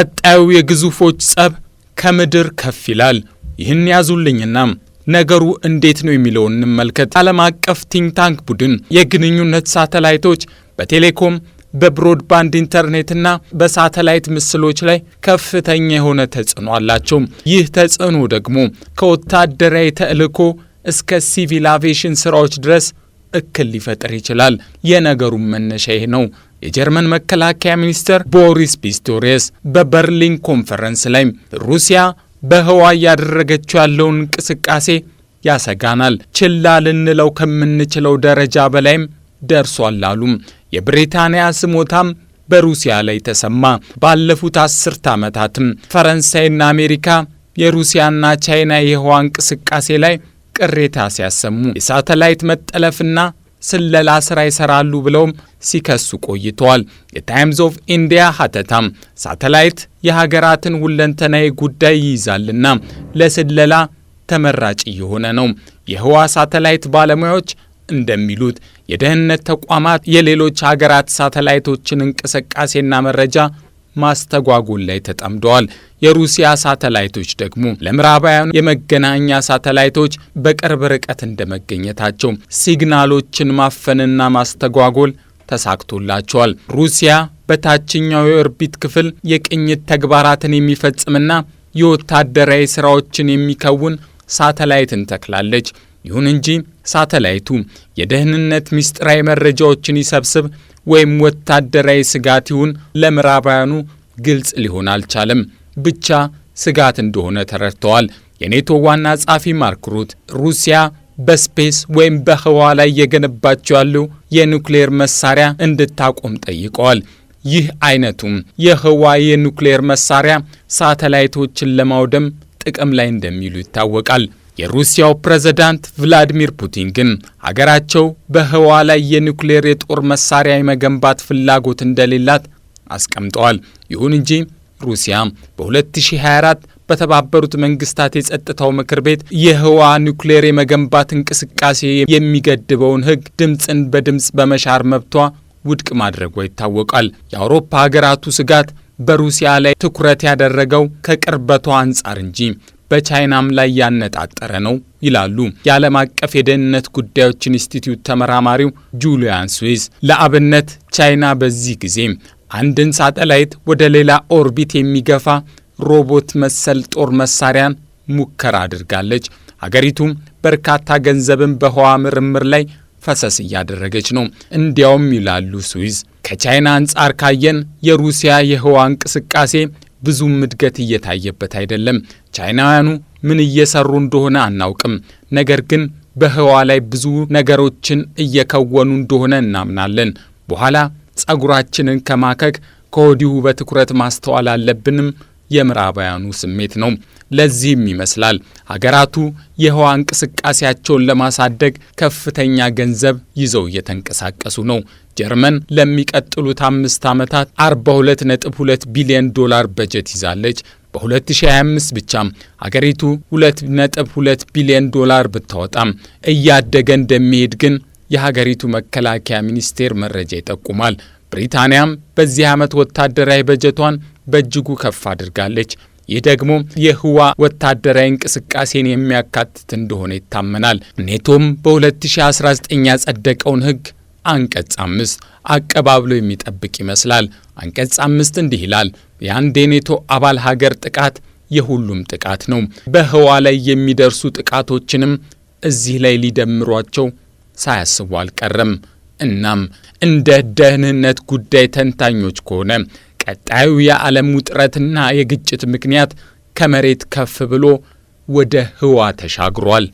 ቀጣዩ የግዙፎች ጸብ ከምድር ከፍ ይላል። ይህን ያዙልኝና ነገሩ እንዴት ነው የሚለውን እንመልከት። ዓለም አቀፍ ቲንክታንክ ቡድን የግንኙነት ሳተላይቶች በቴሌኮም በብሮድባንድ ኢንተርኔትና በሳተላይት ምስሎች ላይ ከፍተኛ የሆነ ተጽዕኖ አላቸው። ይህ ተጽዕኖ ደግሞ ከወታደራዊ ተልዕኮ እስከ ሲቪል አቪዬሽን ስራዎች ድረስ እክል ሊፈጥር ይችላል። የነገሩም መነሻ ይህ ነው። የጀርመን መከላከያ ሚኒስትር ቦሪስ ፒስቶሪየስ በበርሊን ኮንፈረንስ ላይ ሩሲያ በህዋ እያደረገችው ያለውን እንቅስቃሴ ያሰጋናል፣ ችላ ልንለው ከምንችለው ደረጃ በላይም ደርሷል አሉ። የብሪታንያ ስሞታም በሩሲያ ላይ ተሰማ። ባለፉት አስርት ዓመታትም ፈረንሳይና አሜሪካ የሩሲያና ቻይና የህዋ እንቅስቃሴ ላይ ቅሬታ ሲያሰሙ የሳተላይት መጠለፍና ስለላ ስራ ይሰራሉ ብለውም ሲከሱ ቆይተዋል። የታይምስ ኦፍ ኢንዲያ ሀተታም ሳተላይት የሀገራትን ሁለንተናዊ ጉዳይ ይይዛልና ለስለላ ተመራጭ እየሆነ ነው። የህዋ ሳተላይት ባለሙያዎች እንደሚሉት የደህንነት ተቋማት የሌሎች ሀገራት ሳተላይቶችን እንቅስቃሴና መረጃ ማስተጓጎል ላይ ተጠምደዋል። የሩሲያ ሳተላይቶች ደግሞ ለምዕራባውያኑ የመገናኛ ሳተላይቶች በቅርብ ርቀት እንደመገኘታቸው ሲግናሎችን ማፈንና ማስተጓጎል ተሳክቶላቸዋል። ሩሲያ በታችኛው የኦርቢት ክፍል የቅኝት ተግባራትን የሚፈጽምና የወታደራዊ ስራዎችን የሚከውን ሳተላይትን ተክላለች። ይሁን እንጂ ሳተላይቱ የደህንነት ምስጢራዊ መረጃዎችን ይሰብስብ ወይም ወታደራዊ ስጋት ይሁን ለምዕራባውያኑ ግልጽ ሊሆን አልቻለም። ብቻ ስጋት እንደሆነ ተረድተዋል። የኔቶ ዋና ጸሐፊ ማርክ ሩት ሩሲያ በስፔስ ወይም በህዋ ላይ የገነባቸው ያለው የኑክሌር መሳሪያ እንድታቆም ጠይቀዋል። ይህ አይነቱም የህዋ የኑክሌር መሳሪያ ሳተላይቶችን ለማውደም ጥቅም ላይ እንደሚሉ ይታወቃል። የሩሲያው ፕሬዝዳንት ቭላዲሚር ፑቲን ግን ሀገራቸው በህዋ ላይ የኑክሌር የጦር መሳሪያ የመገንባት ፍላጎት እንደሌላት አስቀምጠዋል። ይሁን እንጂ ሩሲያ በ2024 በተባበሩት መንግስታት የጸጥታው ምክር ቤት የህዋ ኒውክሌር የመገንባት እንቅስቃሴ የሚገድበውን ህግ ድምፅን በድምፅ በመሻር መብቷ ውድቅ ማድረጓ ይታወቃል። የአውሮፓ ሀገራቱ ስጋት በሩሲያ ላይ ትኩረት ያደረገው ከቅርበቷ አንጻር እንጂ በቻይናም ላይ ያነጣጠረ ነው ይላሉ የዓለም አቀፍ የደህንነት ጉዳዮች ኢንስቲትዩት ተመራማሪው ጁሊያን ስዊዝ። ለአብነት ቻይና በዚህ ጊዜ አንድን ሳተላይት ወደ ሌላ ኦርቢት የሚገፋ ሮቦት መሰል ጦር መሳሪያን ሙከራ አድርጋለች። አገሪቱም በርካታ ገንዘብን በህዋ ምርምር ላይ ፈሰስ እያደረገች ነው። እንዲያውም ይላሉ ስዊዝ፣ ከቻይና አንጻር ካየን የሩሲያ የህዋ እንቅስቃሴ ብዙም እድገት እየታየበት አይደለም። ቻይናውያኑ ምን እየሰሩ እንደሆነ አናውቅም፣ ነገር ግን በህዋ ላይ ብዙ ነገሮችን እየከወኑ እንደሆነ እናምናለን። በኋላ ጸጉራችንን ከማከክ ከወዲሁ በትኩረት ማስተዋል አለብንም የምዕራባውያኑ ስሜት ነው። ለዚህም ይመስላል ሀገራቱ የህዋ እንቅስቃሴያቸውን ለማሳደግ ከፍተኛ ገንዘብ ይዘው እየተንቀሳቀሱ ነው። ጀርመን ለሚቀጥሉት አምስት ዓመታት 42.2 ቢሊዮን ዶላር በጀት ይዛለች። በ2025 ብቻም አገሪቱ 2.2 ቢሊዮን ዶላር ብታወጣም እያደገ እንደሚሄድ ግን የሀገሪቱ መከላከያ ሚኒስቴር መረጃ ይጠቁማል። ብሪታንያም በዚህ ዓመት ወታደራዊ በጀቷን በእጅጉ ከፍ አድርጋለች። ይህ ደግሞ የህዋ ወታደራዊ እንቅስቃሴን የሚያካትት እንደሆነ ይታመናል። ኔቶም በ2019 ያጸደቀውን ህግ አንቀጽ አምስት አቀባብሎ የሚጠብቅ ይመስላል። አንቀጽ አምስት እንዲህ ይላል፣ የአንድ የኔቶ አባል ሀገር ጥቃት የሁሉም ጥቃት ነው። በህዋ ላይ የሚደርሱ ጥቃቶችንም እዚህ ላይ ሊደምሯቸው ሳያስቡ አልቀረም። እናም እንደ ደህንነት ጉዳይ ተንታኞች ከሆነ ቀጣዩ የዓለም ውጥረትና የግጭት ምክንያት ከመሬት ከፍ ብሎ ወደ ህዋ ተሻግሯል።